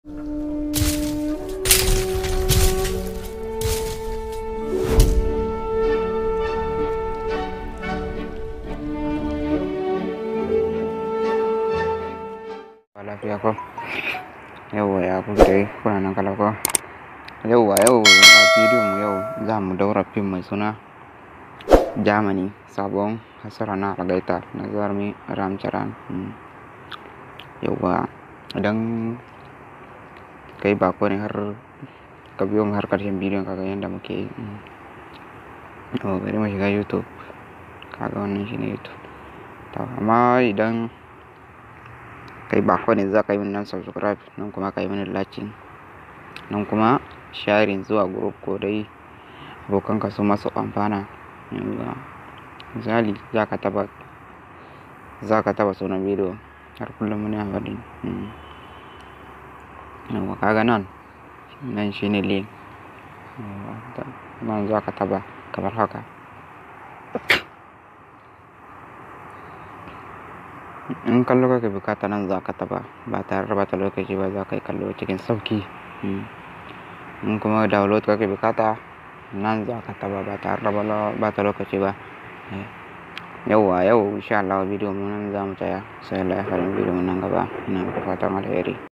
kalafia ko yauwa ya ku dai kuna nan kala ko yauwa yau a bidiyon mu yau za mu daura fim mai ya suna germany sabon hasara na algaita na zarmi ramcharan hmm. yauwa kai ko ne har ka biyo har karshen bidiyon kaga yadda muke yi to bari mu shiga youtube kaga wannan shine youtube to amma idan kai ko ne za ka yi nan subscribe nan kuma ka yi mini lacin nan kuma sharing zuwa group ko dai abokan ka su masu amfana misali za ka taba za ka taba sunan bidiyo har kullum muna faɗin hmm. هو non, من شيني لي من زوا كتابة كبر هوكا in kallo kake bukata nan zwa ka taba ba tare da bata lokaci ba za ka yi kallo cikin sauki in hmm. hmm, kuma download kake bukata nan zwa ka taba ba tare da bata lokaci ba eh. yauwa yau Allah bidiyon mu nan zwa mu tsaya sai Allah ya farin bidiyon gaba